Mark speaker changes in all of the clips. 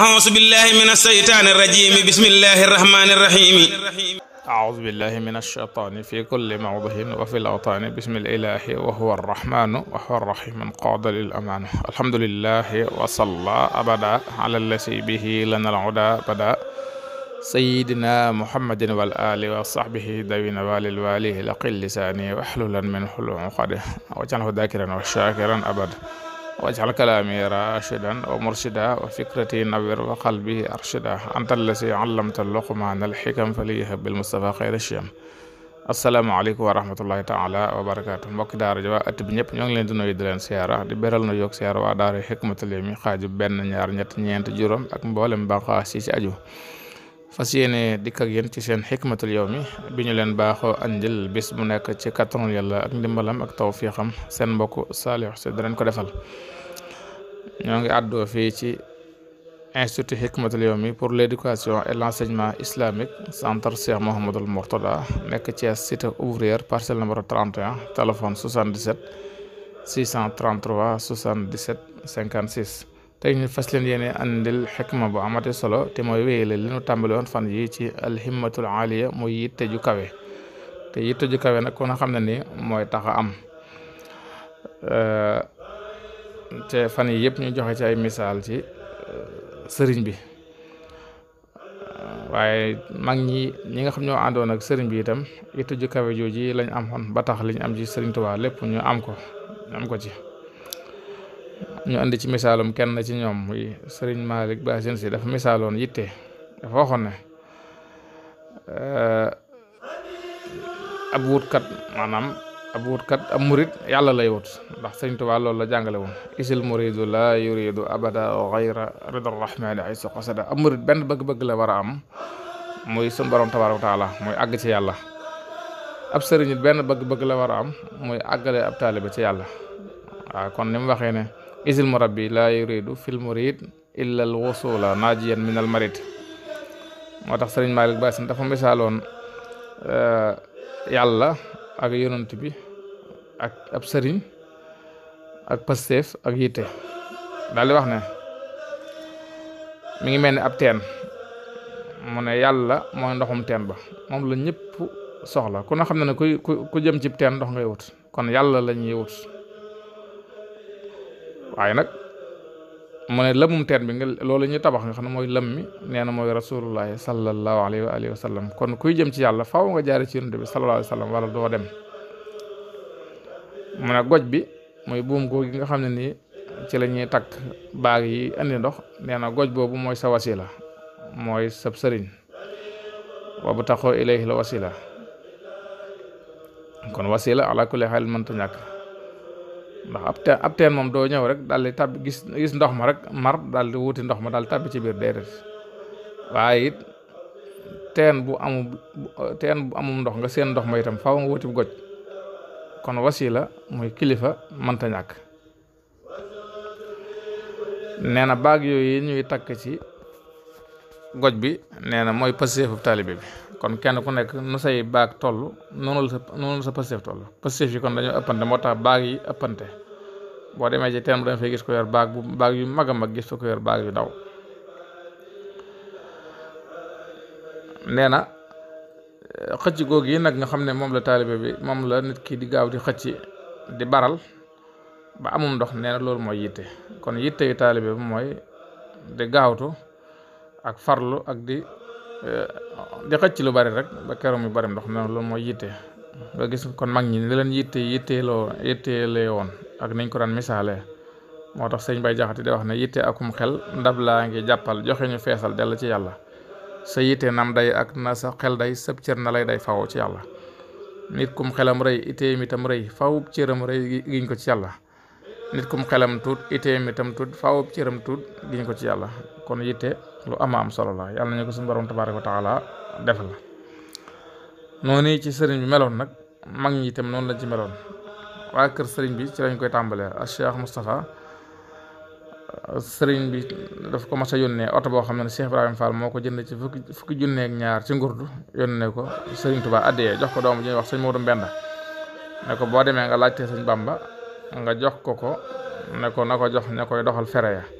Speaker 1: أعوذ بالله من الشيطان الرجيم بسم الله الرحمن الرحيم أعوذ بالله من الشيطان في كل موضع وفي الأوطان بسم الإله وهو الرحمن وهو الرحيم قاد للأمان الحمد لله وصلى أبدا على الذي به لنا العدا بدا سيدنا محمد والآل وصحبه ذوي نوال الوالي لقل لساني واحللا من حلو عقده واجعله ذاكرا وشاكرا أبدا wajal kalaami rashidan wa murshida wa fikrati nawir wa qalbi arshida anta allasi allamta luqmaana alxikam faliyahab bil mustafa xayra shiyam asalaamaaleykum wa rahmatullahi taala wa barakaatu mbokki daara ji waa at bi ñëpp ñoo ngi leen di nuyu di leen siyaara di beral na yokk siyaara waa daara Hikmatul Yawmi xaaju benn ñaar ñett ñeent juróom ak mboolem banqaas yi ci aju fas yéene dikk ak yéen ci seen xikmatul yow mi bi ñu leen baaxoo andil bis mu nekk ci kattanul yàlla ak ndimbalam ak tawfiixam seen mbokk Saliou Sy danañ ko defal ñoo ngi àddoo fii ci institut xikmatul yow mi pour l' éducation et l' enseignement islamique centre Cheikh Mouhamadul Mourtada nekk ci cité ouvrière parcelle numéro 31 téléphone 77 633 77 56 te ñu fas leen yéene andil xikma bu amati solo te mooy wéyale li ñu tàmbali woon fan yi ci alhimmatul aaliya muy yitte ju kawe te yitte ju kawe nag kon xam ne ni mooy taxa am te fan yi yëpp ñu joxe ci ay misaal ci sëriñ bi waaye mag ñi ñi nga xam ñoo àndoon ak sëriñ bi itam yitte ju kawe jooji lañ am xon ba tax liñ am ci sëriñ Tuubaa lépp ñu am ko ñu am ko ci ñu andi ci misaalum kenn ci ñoom muy Serigne Malick Bassine si dafa misaaloon yitte dafa waxoon ne eh, ab wutkat maanaam ab wutkat ab murit yàlla lay wut ndax Sëriñ Tuubaa loolu la jàngale woon isil muridu la yuridu abada xayra rida rahmani aysu qasada ab murit benn bëgg-bëgg la war am muy sun borom tabaaraka wa taala muy àgg ci yàlla ab sëriñ benn bëgg-bëgg la war a am muy àggale ab taalibe ci yàlla waaw kon ni mu isil murabbi laa yuridu fil murid illa al wusula naajiyan min al marid moo tax sëriñ Malick ne dafa misaaloon eh, yàlla ak yonent bi ak ab sëriñ ak pasteef ak yitte daal di wax ne mu ngi mel ni ab teen mu ne yàlla mooy ndoxum teen ba moom la ñëpp soxla ku ne xam ne ne ku ku jëm ci teen ndox ngay wut kon yàlla la wut waaye nag mu ne lëmum teen bi nga loolu ñu tabax nga xam ne mooy lëm mi nee na mooy rasulullahi sallallahu alayhi wa alihi wa sallam kon kuy jëm ci yàlla faaw nga jaare bi sallallahu alayhi doo dem mu goj bi mooy buum goo gi nga xam ne nii ci la ñuy takk baag yi indi ndox nee na goj boobu mooy sa wasila mooy sab sëriñ bu taxoo ilayhi la wasila kon wasila ala kulli xaal mënta ñàkk ndax ab teen moom doo ñëw rek daal tàbbi gis gis ndox ma rek mar daal di wuti ndox ma daal tàbbi ci biir déedéet waaye it teen bu amum teen bu amum ndox nga seen ndox ma itam faaw nga wuti goj kon wasila muy kilifa mënta ñàkk nee na baag yooyu ñuy takk ci goj bi nee na mooy paseefu taalibe bi kon kenn ku nekk nu say baag toll noonu la sa noonu la sa yi kon dañoo ëppante moo tax baag yi ëppante boo demee ci teen bu da nga fay gis ko yor baag bu baag yu mag a mag gis fa ko baag yu ndaw nee na xëcc googu yi nag nga xam ne moom la taalibe bi moom la nit kii di gaaw di xëcc di baral ba amum ndox nee na loolu mooy yitte kon yitte yu taalibe bi mooy di gaawtu ak farlu ak di Eh, di ci lu bari rek ba keroom yu bari ndox mi loolu mooy yitte nga gis kon mag ñi ni leen yitte yitteeloo yitteelee woon ak niñ ko daan misaale moo tax sëñ Bay Jaxate di wax ne yitte akum xel ndab laa ngi jàppal joxe ñu feesal dell ci yàlla sa yitte nam day ak na sa xel day sëb cër na lay day faw ci yàlla nit kum xelam rëy itteem itam rëy fawub cëram rëy giñ ko ci yàlla nit kum xelam tuut itteem itam tuut fawub cëram tuut giñ ko ci yàlla kon lu ama am solo la yàlla nañu ko suñu borom tabaaraka wa taala def la noonu ci sëriñ bi meloon nag mag ñi itam noonu lañ ci meloon waa kër sëriñ bi ci lañ koy tàmbalee ak Cheikh Moustapha sëriñ bi daf ko ma a yónnee oto boo xam ne Cheikh Ibrahima Fall moo ko jënd ci fukki fukki junne ñaar ci ngurdu yónnee ko sëriñ Tuubaa addiyee jox ko doomu ji wax sëñ Moodu Mbenda ne ko boo demee nga laajtee sëñ ba nga jox ko ko ne ko na ko jox ña doxal fere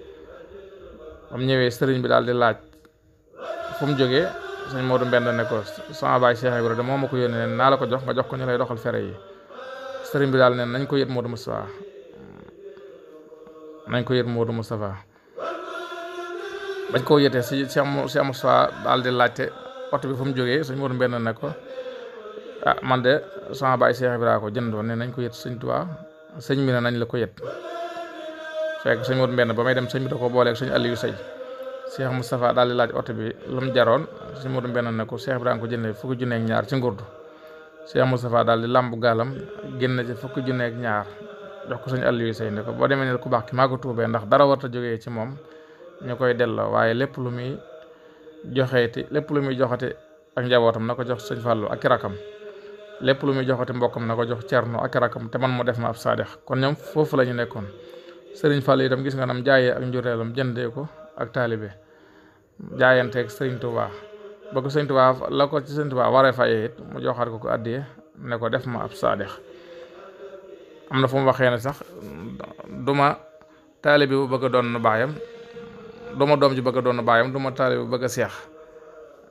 Speaker 1: bam ñëwee sëriñ bi daal di laaj fu mu jógee sëñ Modou Mbend ne ko de moo ma ko yónnee ne naa la ko jox nga jox ñu lay doxal fere yi sëriñ bi daal ne nañ ko yët Modou Moustapha nañ ko yët Modou Moustapha bañ koo yëtee si Cheikh Moustapha daal di laajte oto bi fu mu jógee sëñ Modou Mbend ne ko ah man de sama baay Cheikh Ibra ko jëndoon ne nañ ko yët sëñ Tuubaa sëñ bi ne nañ la ko yët fekk sëñ Modou Mbenn ba may dem sëñ bi da ko booleeg sëñ Aliou Sey Cheikh Moustapha daal di laaj oto bi lu mu jaroon sëñ Modou Mbenn ne ko Cheikh bi daan ko jëndee fukki junne ñaar ci ngurdu Cheikh Moustapha daal di làmb gaalam génn ci fukki junne ñaar jox sëñ Aliou Sey ne boo demee ne ku baax ki maa ko tuubee ndax dara warta ci moom ñu koy delloo waaye lépp lu muy joxeeti lépp lu muy joxati ak njabootam na ko jox sëñ Fallou ak rakam lépp lu muy joxati mbokkam na ko jox cerno ak rakam te man mu def ma ab saadex kon ñoom foofu la ñu nekkoon sëriñ yi tam gis nga nam jaayee ak njureelam jëndee ko ak taalibe jaayanteeg sëriñ Touba ba ko sëriñ Touba la ko ci sëriñ Touba waree fayee it mu joxaat ko ko addee ne ko def ma ab saadex am na fu mu waxee ne sax duma taalibe bu bëgg a doon baayam duma doom ji bëgg doon doon baayam duma taalibe bu bëgg a seex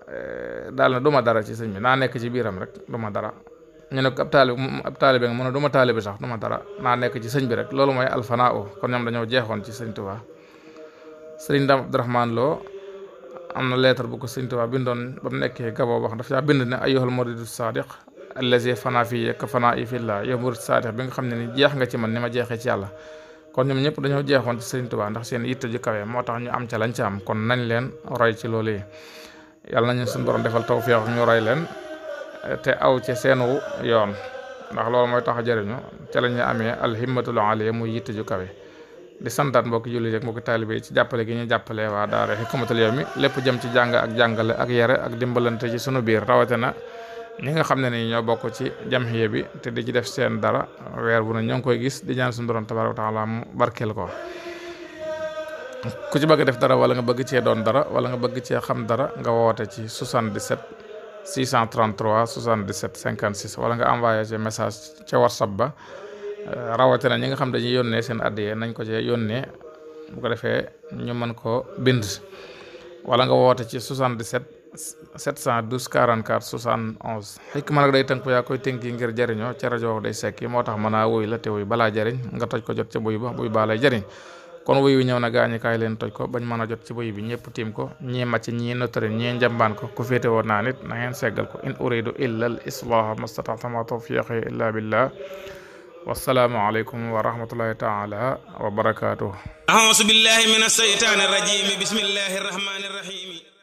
Speaker 1: eh, daal na duma dara ci sëñ bi naa nekk ci biiram rek duma dara ñu nekk ko ab taalibe ab taalibe nga mu ne du ma taalibe sax du dara naa nekk ci sëñ bi rek loolu mooy alfanaa kon ñoom dañoo jeexoon ci sëñ Tuubaa sëriñ Dame Abdourahmane na lettre bu ko sëñ Tuubaa bindoon ba mu nekkee Gaboo wax daf caa bind ne ayyuhal muridu sadiq allazi fanaa fii yekk fanaa i fillah yow murid bi nga xam ne ni jeex nga ci man ni ma jeexee ci yàlla kon ñoom ñëpp dañoo jeexoon ci sëriñ Tuubaa ndax seen yitte ju kawe moo tax ñu am ca lañ ca am kon nañ leen roy ci loolu yi yàlla nañu suñu borom defal tawfiix ñu roy leen te aw ci seenu yoon ndax loolu mooy tax a jëriñu ca la ñu amee alhimmatul aliya muy yitte ju kawe di santaat mbokki jullit ak mbokki taalibe yi ci jàppale gi ñu jàppale waa daara Hikmatul Yawmi lépp jëm ci jàng ak jàngale ak yare ak dimbalante ci sunu biir na ñi nga xam ne ni ñoo bokk ci jamhiya bi te di ci def seen dara weer bu ne ñoo ngi koy gis di ñaan suñu borom tabaaraka wa taala mu barkeel ko ku ci bëgg def dara wala nga bëgg cee doon dara wala nga bëgg cee xam dara nga woote ci 77 633 77 56 wala nga envoyé ci message ca whatsapp ba euh, rawatina ñi nga xam dañuy yónnee seen addiya nañ ko ci yónnee bu ko defee ñu mën ko bind wala nga woote ci 77 712 44 71 xikma nag day tënk yaa koy tënk yi ngir jariñoo ca rajo day sekk moo tax mën a wuy la te wuy balaa jariñ nga toj ko jot ca buy ba buy baa lay jariñ kon wuy wi ñëw na gaañi kaay leen toj ko bañ mën a jot ci wuy bi ñëpp tiim ko ñii màcc ñii notari ñii njambaan ko ku féete woon naa nit na ngeen seggal ko in uridu illa al islaha mastata'tama tawfiqi illa billah wassalaamu aleykum wa rahmatullahi taala wa barakatuh a'uuzu billahi min ashaytaani rajim bismillahi rahmaani rahim